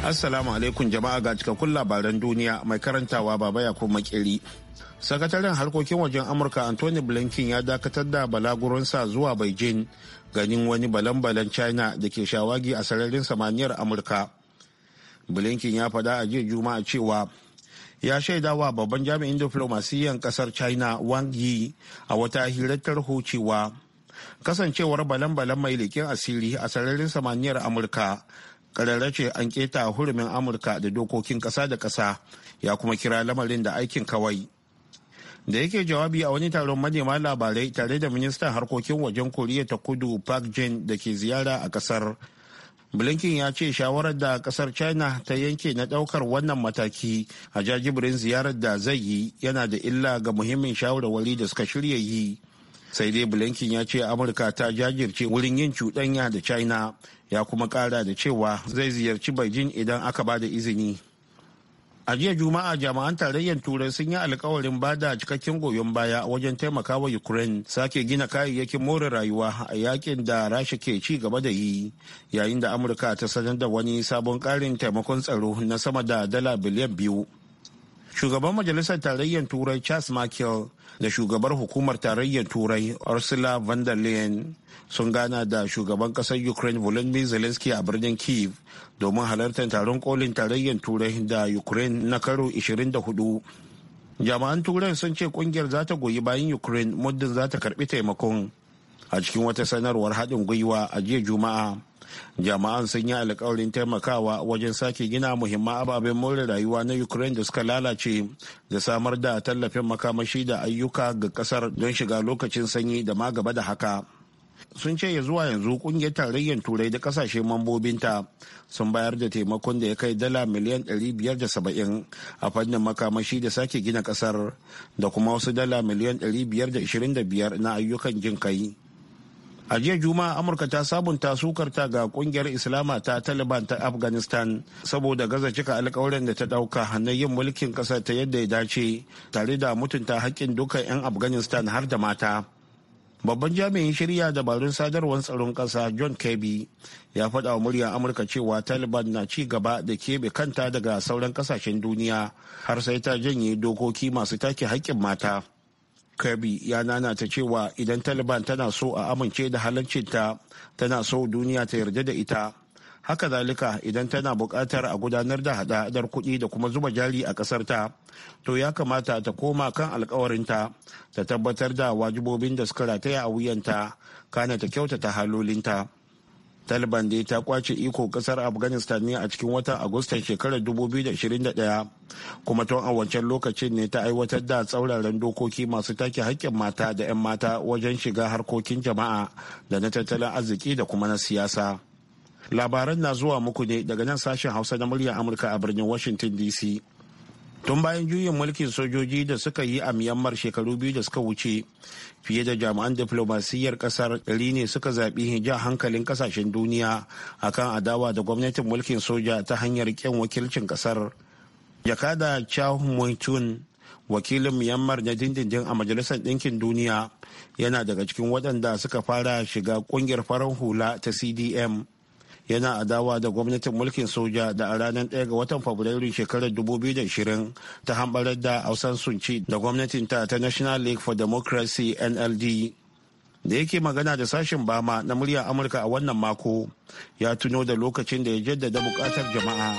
Assalamu alaikum jama'a ga cikakkun labaran duniya mai karantawa baba ya kuma makeri. Sakataren harkokin wajen Amurka Anthony Blinken ya dakatar da balaguronsa zuwa Beijing ganin wani balan-balan China da ke shawagi a sararin samaniyar Amurka. Blinken ya faɗa a jiya Juma'a cewa ya shaidawa babban jami'in diflomasiyyar kasar China Wang Yi a wata hirar hucewa cewa kasancewar balan-balan mai leƙen asiri a sararin samaniyar Amurka kararra ce an keta hurumin amurka da dokokin kasa da kasa ya kuma kira lamarin da aikin kawai da yake jawabi a wani taron manema labarai tare da ministan harkokin wajen koriya ta kudu park jin da ke ziyara a kasar blinken ya ce shawarar da kasar china ta yanke na daukar wannan mataki a jajibirin ziyarar da zai yi yana da illa ga muhimmin shawarwari da suka shirya yi sai dai blinken ya ce amurka ta jajirce wurin yin cuɗanya da china ya kuma ƙara da cewa zai ziyarci beijing idan aka ba da izini a jiya juma'a jami'an tarayyar turai sun yi alkawarin ba da cikakken goyon baya wajen taimakawa ukraine sake gina kayayyakin more rayuwa a yakin da rasha ke ci gaba da yi yayin da amurka ta sanar da wani sabon karin taimakon tsaro na sama da dala biliyan biyu shugaban majalisar tarayyar turai charles michael da shugabar hukumar tarayyar turai ursula von der leyen sun gana da shugaban kasar ukraine volodymyr zelensky a birnin kiev domin halartar taron kolin tarayyar turai da ukraine na karo 24 jama'an turai sun ce kungiyar za ta goyi bayan ukraine muddin za ta karbi taimakon a cikin wata sanarwar haɗin gwiwa a jiya juma'a jama'an sun yi alkawarin taimakawa wajen sake gina muhimman ababen more rayuwa na ukraine da suka lalace da samar da tallafin makamashi da ayyuka ga kasar don shiga lokacin sanyi da ma gaba da haka sun ce ya zuwa yanzu kungiyar tarayyar turai da kasashe mambobinta sun bayar da taimakon da ya kai dala miliyan 570 a fannin makamashi da sake gina kasar da kuma wasu dala miliyan 525 na ayyukan jin kai a jiya juma'a amurka ta sabunta sukarta ga kungiyar islama ta taliban ta afghanistan saboda gaza cika alkawarin da ta dauka na yin mulkin ƙasa ta yadda ya dace tare da mutunta haƙƙin dukkan 'yan afghanistan har da mata babban jami'in shirya dabarun sadarwar tsaron ƙasa john kirby ya faɗa wa muryar amurka cewa taliban na ci gaba da keɓe kanta daga sauran ƙasashen duniya har sai ta janye dokoki masu take haƙƙin mata kirby ya nanata cewa idan taliban tana so a amince da halancinta tana so duniya ta yarda da ita haka zalika idan tana buƙatar a gudanar da hada-hadar kuɗi da kuma zuba jari a ƙasarta to ya kamata ta koma kan alkawarinta ta tabbatar da wajibobin da suka rataya a wuyanta kana ta kyautata halolinta taliban dai ta kwace iko kasar afghanistan ne a cikin watan agustan shekarar 2021 kuma tun a wancan lokacin ne ta aiwatar da tsauraran dokoki masu take haƙƙin mata da 'yan mata wajen shiga harkokin jama'a da na tattalin arziki da kuma na siyasa labaran na zuwa muku ne daga nan sashen hausa na muryar amurka a birnin washington dc tun bayan juyin mulkin sojoji da suka yi a myanmar shekaru biyu da suka wuce fiye da jami'an diflomasiyyar kasar ɗari ne suka zaɓi ja hankalin kasashen duniya akan adawa da gwamnatin mulkin soja ta hanyar kyan wakilcin kasar jakada chow moitun wakilin myanmar na dindindin a majalisar ɗinkin duniya yana daga cikin waɗanda suka fara shiga ƙungiyar farar hula ta cdm yana adawa da gwamnatin mulkin soja da a ranar 1 ga watan fabrairu shekarar 2020 ta hambarar da ausan sunci da gwamnatin ta ta national league for democracy nld da yake magana da sashen bama na muryar amurka a wannan mako ya tuno da lokacin da ya jaddada bukatar jama'a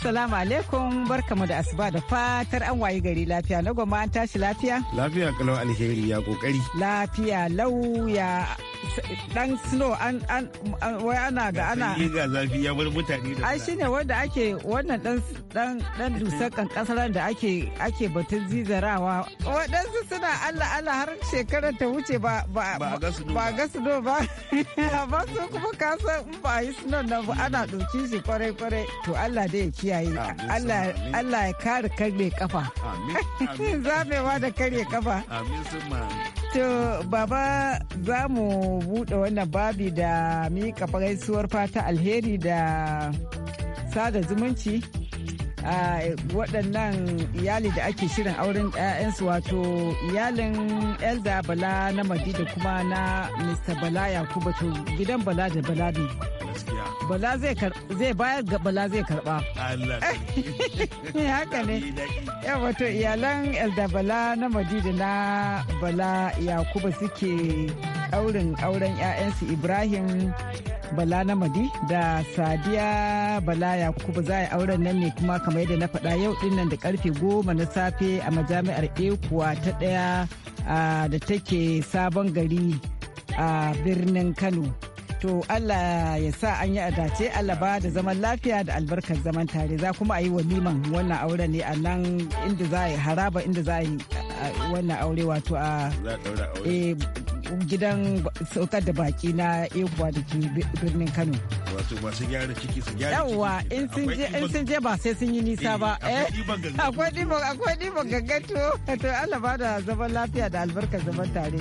Assalamu alaikum barkamu da asuba da fatar an wayi gari lafiya na goma an tashi lafiya? Lafiya kalau alheri ya kokari. Lafiya lau ya dan snow an an wai ana da ana ga zafi ya bar mutane da ai shine wanda ake wannan dan dan dan dusar kankasaran da ake ake batun zizarawa waɗansu suna Allah Allah har shekarar ta wuce ba ba ba ga snow ba ba su kuma ka san in ba yi snow nan ba ana dauki shi kwarai kwarai to Allah dai ya kiyaye Allah Allah ya kare karne kafa zamewa da karye kafa amin sun To, baba za mu buɗe wannan babi da miƙa gaisuwar fata alheri da sada zumunci a waɗannan iyali da ake shirin auren ɗayansu wato iyalin elda bala na madi da kuma na mr bala Yakuba to gidan bala da bala ne bala zai bayar ga bala zai karba haka ne wato iyalan elda bala na madi da na bala Yakuba suke aurin auren 'ya'yansu Ibrahim Bala na madi da Sadiya Bala Yakubu za a yi auren nan ne kuma kamar yadda na faɗa yau ɗin nan da karfe goma na safe a majami'ar Ekuwa ta ɗaya da take sabon gari a birnin Kano. To Allah ya sa an yi adace Allah ba da zaman lafiya da albarkar zaman tare za kuma a yi wa liman wannan aure ne a nan inda za a yi haraba inda za a yi wannan aure wato a gidan saukar da baki na ebuwa da ke birnin kano wato masu gyara ciki su gyara ciki yawwa in sun je ba sai sun yi nisa ba eh, akwai ɗiban eh, gaggato ɗiban gangato to allah ba da zaman lafiya da albarkar zaman tare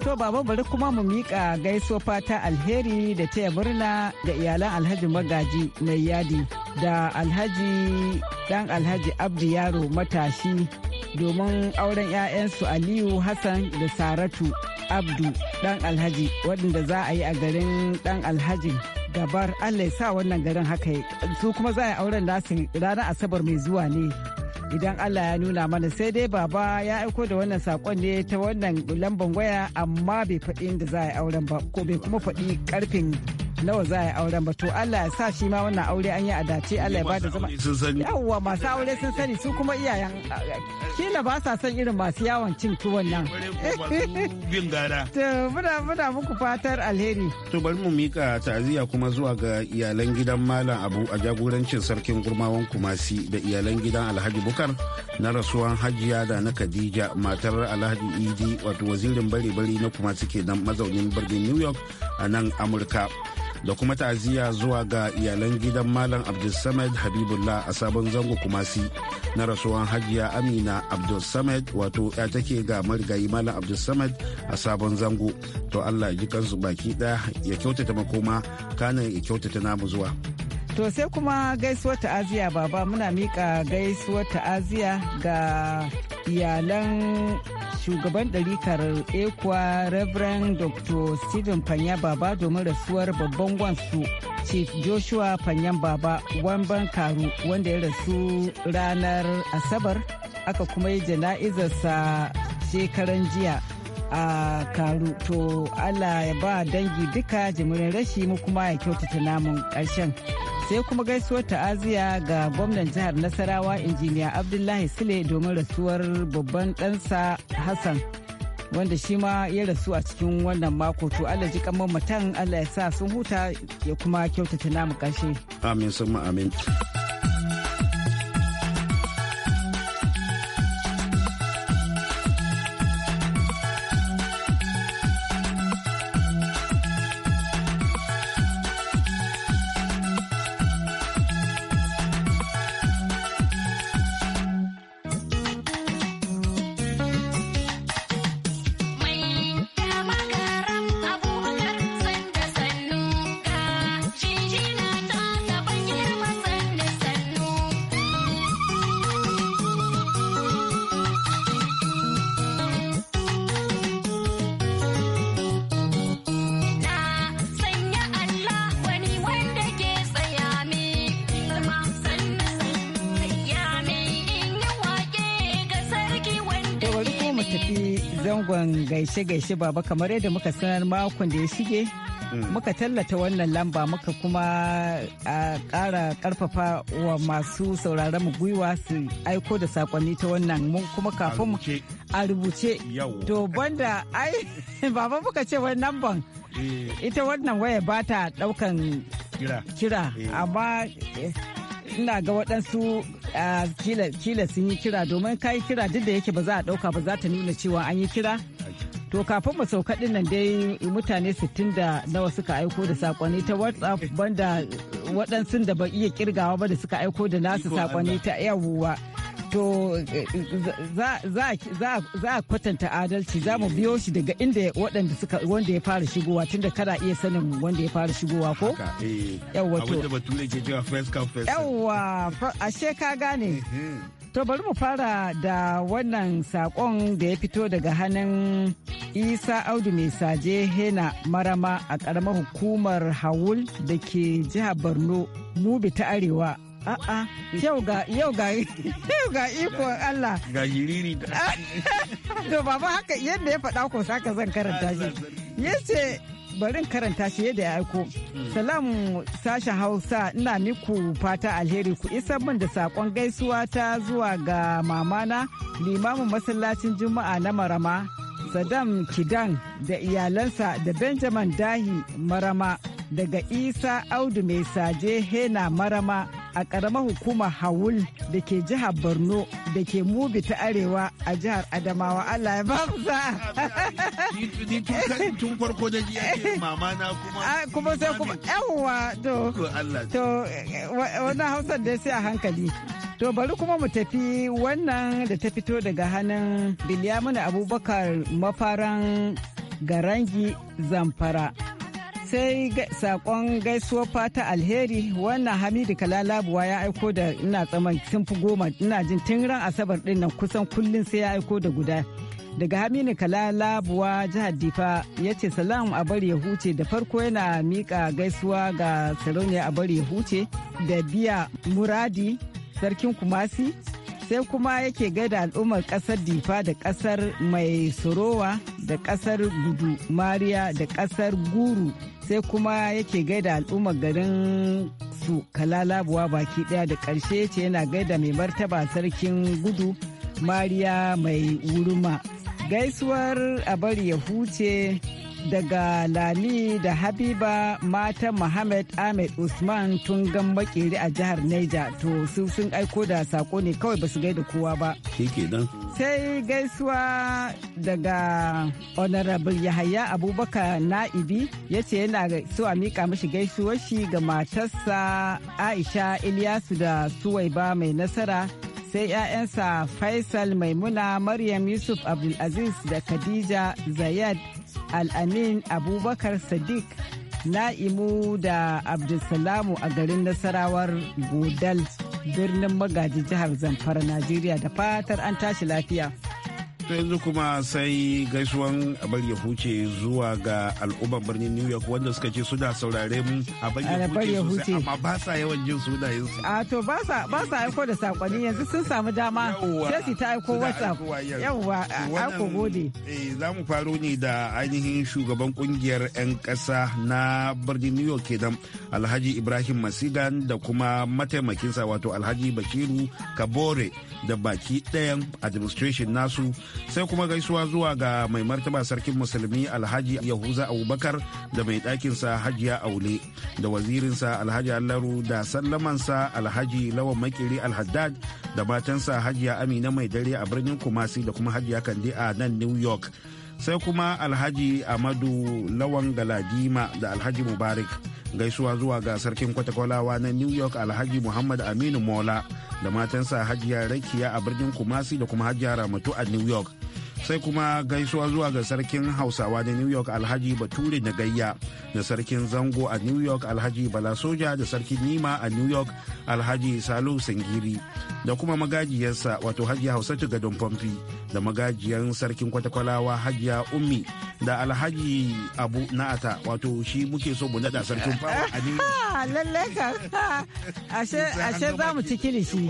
To baba bari kuma mu miƙa gaiso fata alheri da taya murna ga iyalan Alhaji Magaji mai yadi da Alhaji dan Alhaji Abdi Yaro matashi domin auren 'ya'yansu Aliyu Hassan da Saratu abdu dan alhaji waɗanda za a yi a garin dan alhaji gabar allah ya sa wannan garin haka su kuma za a yi auren nasu ranar asabar mai zuwa ne idan allah ya nuna mana sai dai baba ya aiko da wannan sakon ne ta wannan lambar waya amma bai faɗi inda za a yi auren ba ko bai kuma faɗi karfin nawa za a yi auren ba to Allah ya sa shi ma wannan aure an yi a dace Allah ya ba da zama yawwa masu aure sun sani su kuma iyayen kila ba sa son irin masu yawon cin tuwon nan bin muna muna muku fatar alheri to bari mu mika ta'aziyya kuma zuwa ga iyalan gidan malam Abu a jagorancin sarkin gurmawan Kumasi da iyalan gidan Alhaji Bukar na rasuwan Hajiya da na Khadija matar Alhaji Idi wato wazirin bare-bare na Kumasi kenan mazaunin birnin New York a nan Amurka da kuma ta'aziyya zuwa ga iyalan gidan malam abdulsamad habibullah a sabon zango kumasi na rasuwan hajiya amina abdulsamad wato ya take ga marigayi malam abdulsamad a sabon zango to allah ji kansu baki ɗaya ya kyautata makoma kana ya kyautata namu zuwa to sai kuma gaisuwar ta'aziyya baba muna miƙa gaisuwar ta'aziyya ga iyalan shugaban ɗarikar ekwa reverend dr stephen panya baba domin rasuwar babban wansu chief joshua panya baba wamban karu wanda ya rasu ranar asabar aka kuma yi jana'izarsa shekaran jiya a karu to allah ya ba dangi duka jimirin rashi mu kuma ya kyautata namun ƙarshen sai kuma gaisuwar ta'aziya ga gwamnan jihar nasarawa injiniya abdullahi sule domin rasuwar babban ɗansa hassan wanda shi ma ya rasu a cikin wannan mako to Allah ji kamar matan Allah ya sa sun huta ya kuma kyautata namu ƙarshe amin sun amin mu tafi zangon gaishe-gaishe baba kamar yadda muka sanar makon da ya shige mm. muka tallata wannan lamba muka kuma a ƙara ƙarfafa wa masu sauraron mu gwiwa su aiko da sakonni ta wannan mun kuma kafin a rubuce to banda ai baba muka ce wani lamban eh. ita wannan waya ba ta ɗaukan kira eh. amma eh, ina ga waɗansu kila sun yi kira domin kai kira duk da yake ba za a ɗauka ba za ta nuna cewa an yi kira to kafin mu sauka ɗin nan dai mutane sittin da nawa suka aiko da sakonni ta whatsapp banda waɗansu da ba iya kirgawa ba da suka aiko da nasu sakonni ta yawuwa to eh, za a kwatanta adalci za mu biyo shi daga inda waɗanda suka wanda ya fara shigowa tunda kada iya sanin wanda ya fara shigowa ko eh, yawwa to yawwa ashe ka gane mhm. to bari mu fara da wannan sakon da ya fito daga hannun isa audu mai saje hena marama a ƙaramar hukumar hawul da ke jihar borno mubi ta arewa A'a, yau ga yau ga yau ga iko Allah. Ga ah, To baba haka yadda ya faɗa ko saka zan karanta shi. Yace barin karanta shi yadda ya aiko. Hmm. Salamu sashen Hausa ina miku fata alheri ku isa min da sakon gaisuwa ta zuwa ga mamana limamin masallacin Juma'a na Marama Saddam Kidan da iyalansa da Benjamin Dahi Marama daga Isa Audu mai saje Hena Marama a ƙaramar hukumar Hawul da ke jihar Borno da ke Mubi ta Arewa a jihar Adamawa Allah ya ba sa. Ah, kuma. sai kuma yawwa to. To eh, eh, hausar da sai a hankali. To bari kuma mu tafi wannan da ta fito daga hannun Bilyamina Abubakar mafaran Garangi Zamfara. Sai sakon gaisuwar fata alheri wannan Hamidu Kalalabuwa ya aiko da ina tsaman sun fi goma ina jin tun ran Asabar din nan kusan kullum sai ya aiko da guda. Daga Hamidu Kalalabuwa jihar Difa ya ce salam a bari ya huce da farko yana miƙa gaisuwa ga sarauniya a bari ya huce da biya muradi sarkin kumasi sai kuma yake gaida al'ummar kasar difa da kasar mai surowa da kasar gudu mariya da kasar guru sai kuma yake gaida al'ummar garin su kalalabuwa baki daya da karshe ce yana gaida mai martaba sarkin gudu mariya mai wurma gaisuwar a bari ya huce daga Lami da Habiba mata Muhammad Ahmed Usman tun gan makeri a jihar Neja to su sun aiko da sako ne kawai basu gaida kowa ba. Sai gaisuwa daga Honorable Yahaya Abubakar Na'ibi ya ce yana so a mika mashi gaisuwar shi ga matarsa Aisha Ilyasu da suwai ba mai nasara sai 'ya'yansa Faisal Maimuna Maryam Yusuf Abdulaziz da Khadija Zayed al'amin abubakar sadiq na'imu da abdulsalamu a garin nasarawar godal birnin magaji jihar zamfara najeriya da fatar an tashi lafiya To yanzu kuma sai gaisuwan abar ya huce zuwa ga al'ummar birnin New York wanda suka ce suna saurare mu a ya huce amma ba sa yawan jin sunayen su. A to ba sa aiko da sakonni yanzu sun samu dama sai su ta aiko WhatsApp. Yawwa aiko gode. Eh, za mu faro ne da ainihin shugaban kungiyar 'yan kasa na birnin New York kenan Alhaji Ibrahim Masigan da kuma mataimakinsa wato Alhaji Bakiru Kabore da baki ɗayan administration nasu sai kuma gaisuwa zuwa ga mai martaba sarkin musulmi alhaji yahuza abubakar da mai ɗakinsa hajiya aule da wazirinsa alhaji allaru da sallamansa alhaji lawan makiri alhaddad da matansa hajiya amina mai dare a birnin kumasi da kuma hajiya kande a nan new york sai kuma alhaji amadu lawan galadima da alhaji mubarak gaisuwa zuwa ga sarkin kwatakwalawa na new york alhaji muhammad aminu mola da matansa hajiya rakiya a birnin kumasi da kuma hajiya ramatu a new york sai kuma gaisuwa zuwa ga sarkin hausawa da new york alhaji bature na gayya da sarkin zango a new york alhaji bala soja da sarkin nima a new york alhaji salo sangiri da kuma magajiyarsa wato hajiya hausatu gadon famfi da magajiyan sarkin kwatakwalawa hajiya ummi da alhaji abu na'ata wato shi muke so mu nada sarkin fawa a new york lallai ka ashe za mu ci kilishi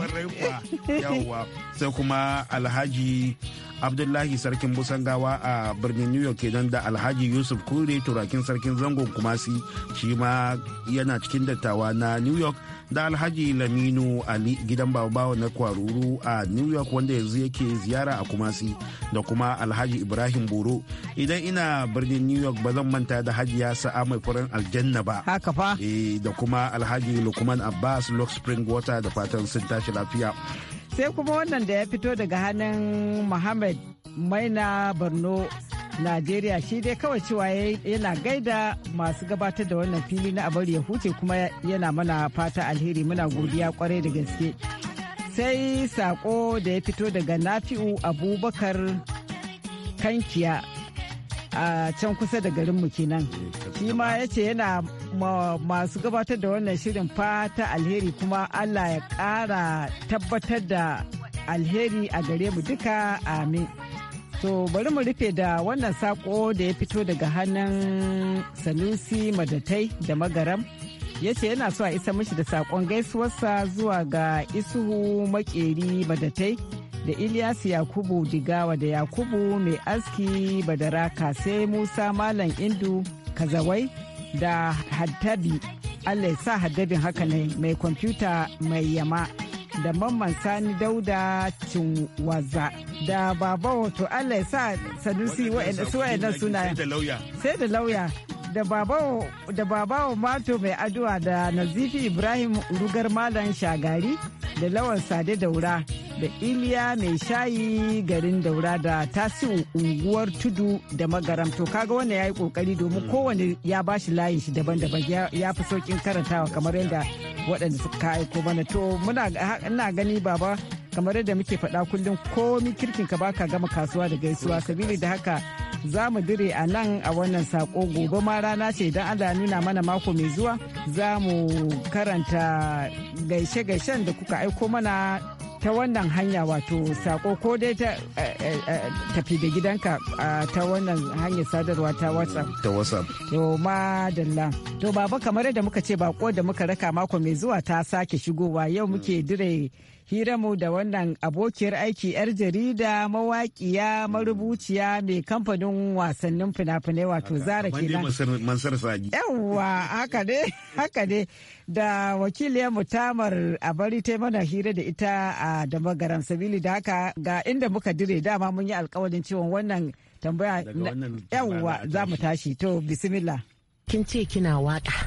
sai kuma alhaji abdullahi sarkin busangawa a birnin new york kenan da alhaji yusuf kure turakin sarkin zangon kumasi shi ma yana cikin dattawa na new york da alhaji laminu ali gidan babawa na kwaruru a new york wanda yanzu yake ziyara a kumasi da kuma alhaji ibrahim boro idan ina birnin new york ba zan manta da haji ya sa'a mai furen aljanna ba haka fa eh, da kuma alhaji lukman abbas lock spring water da fatan sun tashi lafiya sai kuma wannan da ya fito daga hannun Muhammad Maina Borno Najeriya shi dai kawai cewa yana gaida masu gabatar da wannan fili na abar ya huce kuma yana mana fata alheri muna godiya kwarai da gaske. Sai sako da ya fito daga Nafi'u Abubakar Kankiya a can kusa da garinmu kenan. Shi ma ya ce yana masu gabatar da wannan shirin fata alheri kuma Allah ya kara tabbatar da alheri a gare mu duka amin. To bari mu rufe da wannan sako da ya fito daga hannun Sanusi Madatai da Magaram. ya ce yana so a isa mishi da sakon gaisuwarsa zuwa ga isuhu makeri badatai da ilyasu yakubu digawa da yakubu mai aski badaraka sai musa malam indu kazawai da haddabi allah sa haddabin haka ne mai kwamfuta mai yama da mamman sani dauda cin waza da baba wato allah sa sanusi su wa'annan suna sai da lauya da wa mato mai addu'a da nazifi ibrahim rugar malam shagari da lawan sade daura da iliya mai shayi garin daura da tasiu unguwar tudu da magaram to kaga wannan ya yi kokari domin kowane ya bashi layin shi daban-daban ya fi saukin karantawa kamar yadda waɗanda suka aiko mana to muna ina gani baba kamar yadda muke faɗa kullum komi kirkin ka baka gama kasuwa da gaisuwa sabili da haka za mu dire a nan a wannan sako gobe ma rana ce idan Allah nuna mana mako mai zuwa za mu karanta gaishe-gaishen da kuka aiko mana ta wannan hanya wato sako ko dai ta eh, eh, eh, tafi da gidanka ta wannan hanyar sadarwa ta whatsapp ta whatsapp to dalla to baba kamar yadda muka ce bako da muka raka mako mai zuwa ta sake shigowa yau muke dire mu da wannan abokiyar aiki 'yar jarida mawaƙiya marubuciya mai kamfanin wasannin fina-finai wato zara kenan mansar sagi yawwa haka ne haka ne da wakiliyar mutamar a bari ta mana hira da ita a damagaram sabili da haka ga inda muka dire dama mun yi alkawarin cewa wannan tambaya yawwa za mu tashi to bismillah kin ce kina waka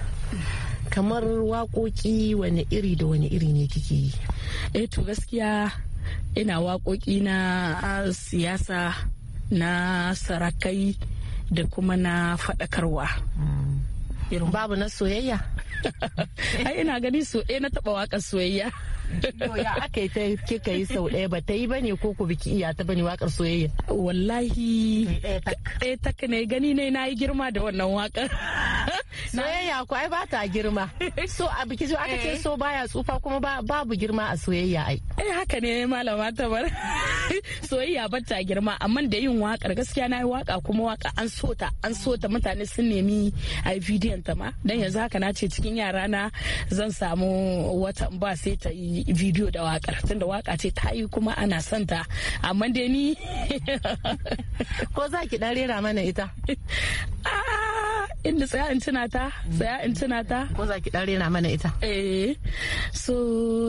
kamar waƙoƙi wani iri da wani iri ne kike yi eh to gaskiya ina waƙoƙi na siyasa na sarakai da kuma na faɗakarwa mm. babu na soyayya ai ina gani so eh, na taɓa waƙar soyayya ya aka yi ta kika yi sau ɗaya ba ta yi ba ne ko ku biki iya ta bane wakar soyayya wallahi ɗaya tak ne gani ne na yi girma da wannan waƙar. soyayya ko ai ba ta girma so a biki so aka ce eh. so baya tsufa kuma babu girma a soyayya ai eh haka ne malama tabar soyayya ba ta girma amma da yin waƙar gaskiya na yi waƙa kuma waƙa an so ta an so ta mutane sun nemi a bidiyon ta ma dan yanzu haka na ce cikin yara na zan samu wata ba sai ta yi video da wakar tunda waka ce ta yi kuma ana son ta amma dai ni ko za ki dan rera mana ita ah, inda tsaya in tuna ta tsaya in tuna ta ko za ki dan rera mana ita eh so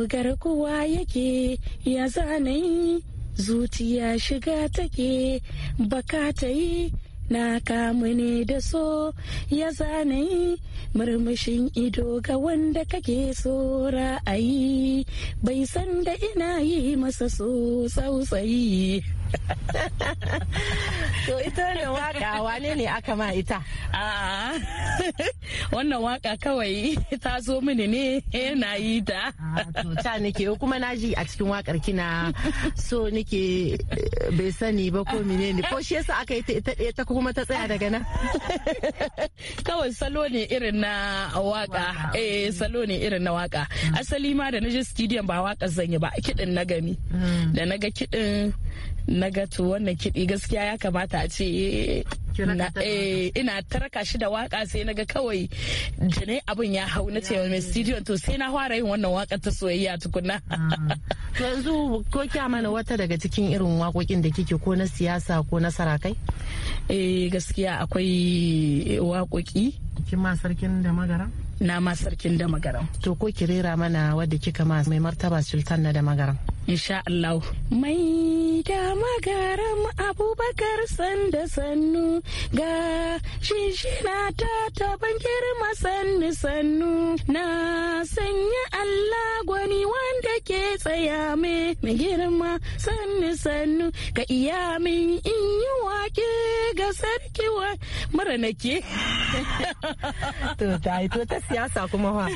garkuwa yake ya zanai zuciya shiga take baka ta yi na kamu ne da so ya zane murmushin ido ga wanda kake so ra'ayi bai san da ina yi masa so tsautsayi To ita ne waka wane ne aka ma ita? A'a wannan waka kawai ta zo mini ne yana yi ta. Ah, to ta nake kuma na ji a cikin wakar kina so nake eh, bai sani ba ko mine ne ko shi yasa aka yi ta ita kuma ta tsaya daga nan. Kawai salo ne irin na waka eh salo ne irin na waka mm. asali ma da na je studio ba waka zan yi ba kiɗin na gami mm. da na ga kiɗin na gato wannan kiɗi gaskiya ya kamata a ce eh, ina taraka shi da waka sai na ga kawai jini abin ya hau na cewa mai studio to sai na fara yin wannan wakar ta soyayya tukuna ah. yanzu ko kya mana wata daga cikin irin wakokin da kike ko na siyasa ko na sarakai eh gaskiya akwai wakoki kin ma sarkin da magara na ma sarkin da magaram to ko ki rera mana wadda kika ma mai martaba sultan na da magaram insha Allah mai da magaram abubakar sanda sannu ga shishina ta taban girma sannu sannu na sanya Allah gwani wanda ke tsaya mai girma sannu sannu ka iyamin in yi wake ga sarki wa mara nake to ta to ta siyasa kuma ha.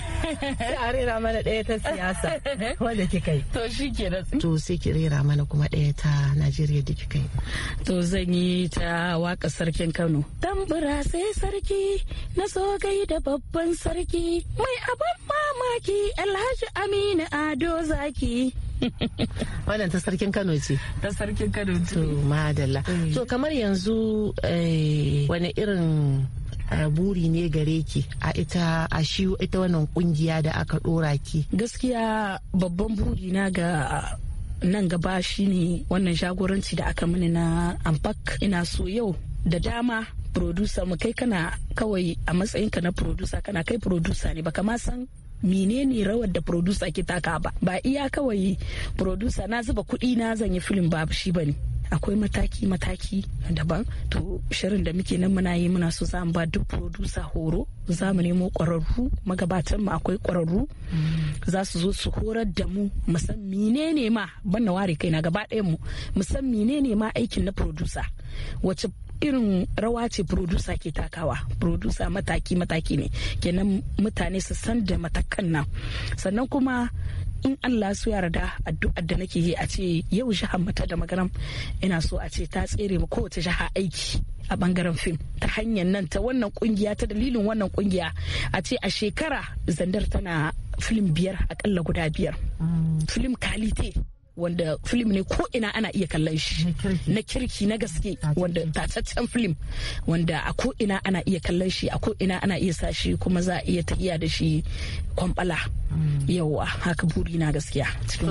sai a rera mana ɗaya ta siyasa wanda kika yi to shi ke to sai ki rera mana kuma ɗaya ta najeriya da kika yi to zan yi ta waka sarkin kano tambura sai sarki na so gai da babban sarki mai abin mamaki alhaji aminu ado zaki wannan ta sarkin kano ce ta sarkin kano ce to madalla eh. to kamar yanzu eh, wani irin buri ne gare ki a ita a shi ita wannan kungiya da aka dora ki gaskiya babban buri na ga nan gaba shine wannan jagoranci da aka mini na ampak ina so yau da dama producer mu kai kana kawai a matsayinka na producer kana kai producer ne baka ma san menene rawar da producer ke taka ba ba iya kawai producer na zuba kuɗi na zanyi yi film ba shi bane akwai mataki-mataki daban to shirin da muke nan muna yi muna so za mu ba duk producer horo za mu nemo ƙwararru magabatan mu akwai kwararru. za su zo su horar da mu musan menene ma ban na ware kaina gaba ɗayan mu musan menene ma aikin na producer wacce irin rawa ce producer ke takawa producer mataki mataki ne kenan mutane su san da matakan nan sannan kuma in Allah su yarda addu'ar da nake yi a ce yau jihar mata da magaram ina so a ce ta tsere ma kowace jiha aiki a bangaren fim ta hanyar nan ta wannan kungiya ta dalilin wannan kungiya a ce a shekara zandar tana film biyar akalla guda biyar mm. film kalite wanda film ne ko ina ana iya kallon shi na kirki na gaske wanda tataccen film wanda a ko ina ana iya kallon shi a ko ina ana iya sa shi kuma za a iya iya da shi kwambala mm. yawa haka buri na gaskiya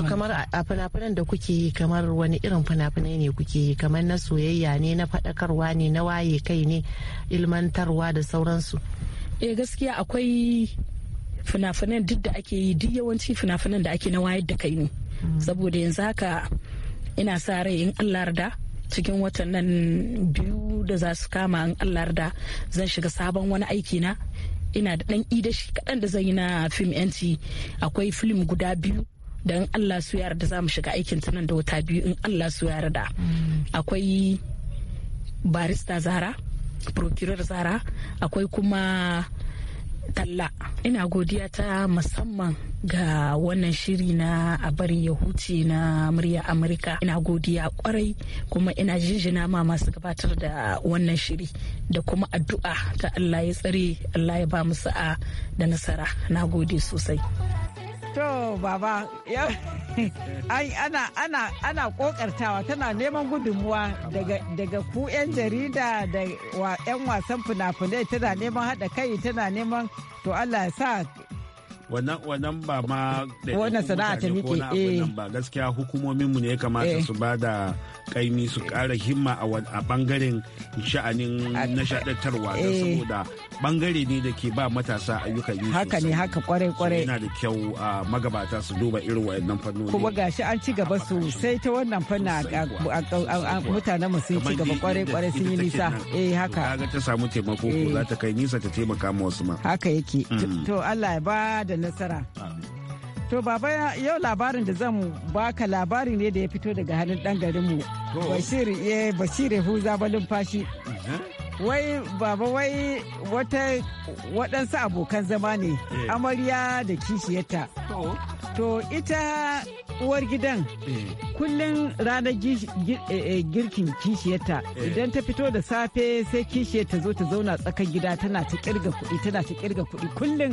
kamar a fina-finan da kuke yi kamar wani irin fina-finai ne kuke yi kamar na soyayya ne na faɗakarwa ne na waye kai ne ilmantarwa da sauransu eh gaskiya akwai fina-finan duk da ake yi duk yawanci fina-finan da ake na wayar da kai ne saboda yanzu haka ina sa rai in allah da cikin watan biyu da za su kama in allah da. zan shiga sabon wani aiki na ina da dan idashi kaɗan da zan yi na fim yanci akwai fim guda biyu da in allah su yarda za mu shiga aikin nan da wata biyu in allah su yarda akwai barista zara procurer zara akwai kuma talla ina godiya ta musamman ga wannan shiri na a bari ya huce na murya amurka ina godiya kwarai kuma ina jinjina ma masu gabatar da wannan shiri da kuma addu'a ta allah ya tsare allah ya ba mu sa'a da nasara na gode sosai baba ana ana ana kokartawa tana neman gudunmuwa daga daga ku yan jarida da yan wasan fina-finai tana neman haɗa kai tana neman to Allah ya sa wannan ba ma wannan sana'a ta miƙe eh ba gaskiya hukumomin mu ne kamata eh. su ba da kaimi su ƙara himma a bangaren sha'anin shaɗatarwa don eh. saboda bangare ne da ke ba matasa ayyukan yi haka ne haka kwarai kwarai yana da kyau a magabata su duba irin wayannan fannoni kuma gashi an ci gaba sosai ta wannan fanna mutanen mu sun ci gaba kwarai kwarai sun yi nisa eh haka ga ta samu taimako ko eh. za ta kai nisa ta taimaka ma wasu ma haka yake to mm. Allah ya ba da nasara. To baba yau labarin da zan baka labari ne da ya fito daga hannun ɗan garinmu. Bashir ya eh, Bashir balin Balumfashi. Wai baba wai wata waɗansu abokan zama ne eh. amarya da kishiyarta. To ita uwar gidan eh. kullum ranar girkin kishiyarta idan ta fito da safe sai kishiyarta zo ta zauna tsakar gida tana ta kirga kuɗi tana ta kirga kuɗi kullum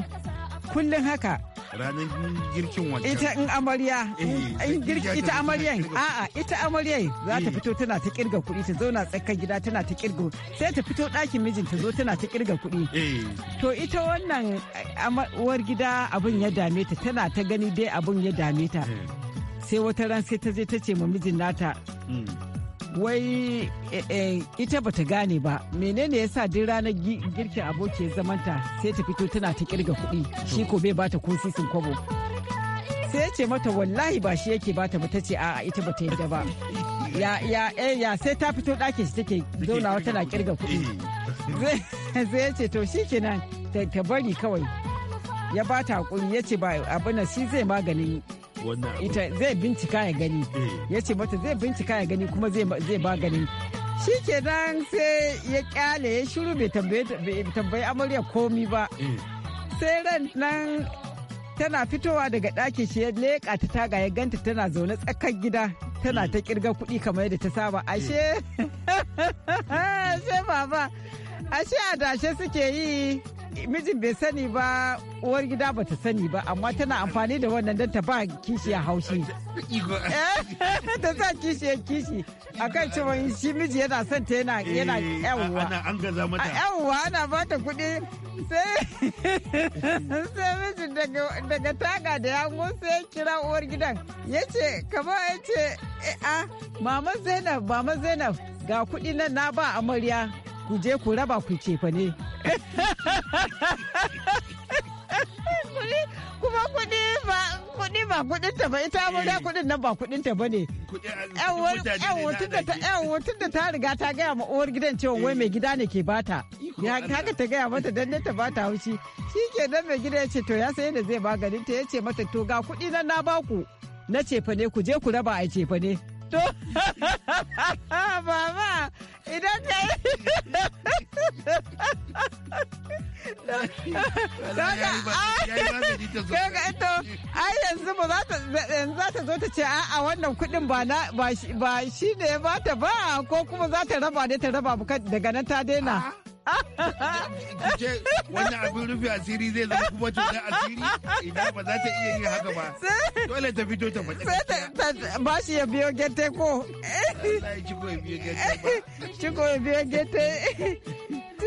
kullum haka ranar girkin wancan ita in amarya eh, ita amaryan a'a ita amaryan za ta eh. fito tana ta kirga kuɗi ta zauna tsakar gida tana ta kirga sai ta fito ɗakin mijin ta zo tana ta kirga kuɗi eh. to ita wannan uwar gida abin ya dame ta tana ta gani dai abin ya dame ta sai wata ran sai ta je ta ce ma mijin nata hmm. wai eh, eh, ita bata gane ba menene yasa duk ranar girkin aboki ya zamanta sai ta fito tana ta kirga kuɗi shi ko bai bata ko sisin kwabo sai ya ce mata wallahi ba shi yake bata ba ta ce ita bata yadda ba ya ya eh, ya sai ta fito ɗakin shi take zaunawa tana kirga kuɗi sai ya ce to shi kenan ta bari kawai ya bata hakuri ya ce ba abin shi zai maganin ita zai bincika ya gani eh. ya ce mata zai bincika ya gani kuma zai ba gani shi ke nan sai ya kyale ya shiru bai tambayi amarya komi ba eh. sai ran nan tana fitowa daga ɗaki shi ya leƙa ta taga ya ganta tana zaune tsakar gida tana ta kirga mm. kuɗi kamar yadda ta saba eh. ashe sai baba ashe dashe suke yi mijin bai sani ba uwar gida ba ta sani ba amma tana amfani da wannan don ta ba kishi a haushi eh, ta sa ya kishi a kan cewa shi miji yana son ta yana yana eh, yawwa yawwa ana ba ta kuɗi sai mijin daga taga da yango sai kira uwar gidan ya ce kama ya ce eh, a ah, mama zainab mama zainab ga kuɗi nan na ba amarya ku je ku raba ku fa ne kuma kuɗi ba kuɗi ba kuɗin ta ba ita amarya eh. kuɗin nan ba kuɗin ta ba ne yawon tun da ta riga ta gaya ma uwar gidan cewa wai eh. mai gida ne ke bata haka ta gaya mata dan ta bata haushi shi ke dan mai gida ya ce to ya sai da zai maganin ta ya ce mata to ga kuɗi nan na baku na cefane ne ku je ku raba a cefane. to baba idan ka ah, ai yanzu ba za ta za ta zo ta ce a'a wannan kuɗin ba na ba shi ne ba ta ba ko kuma za ta raba ne ta raba daga nan ta daina. ce wannan abin rufe asiri zai zama kuma cutar asiri idan ba za ta iya yin haka ba dole ta fito ta faɗi sai ba shi ya biyo gete ko ciko ya biyo gete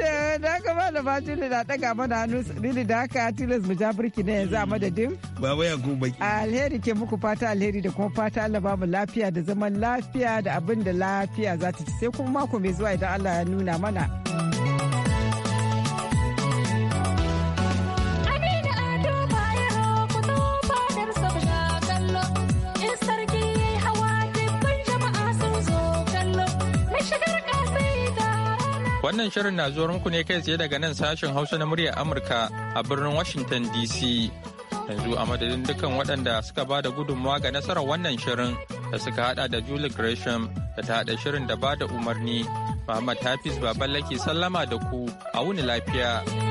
da biyo ba da batu da na daga mana hannu rili da haka tilas mu ja birki na yanzu a madadin baba ya ku baki alheri ke muku fata alheri da kuma fata Allah ba mu lafiya da zaman lafiya da abin da lafiya za ta ci sai kuma mako mai zuwa idan Allah ya nuna mana. Wannan shirin na zuwar muku ne kai tsaye daga nan sashen Hausa na muryar Amurka a birnin Washington DC. Yanzu a madadin dukkan waɗanda suka ba da gudunmawa ga nasarar wannan shirin da suka hada da Julie Gresham da ta hada shirin da ba da umarni. Muhammad Hafiz Baballake sallama da ku a wuni lafiya.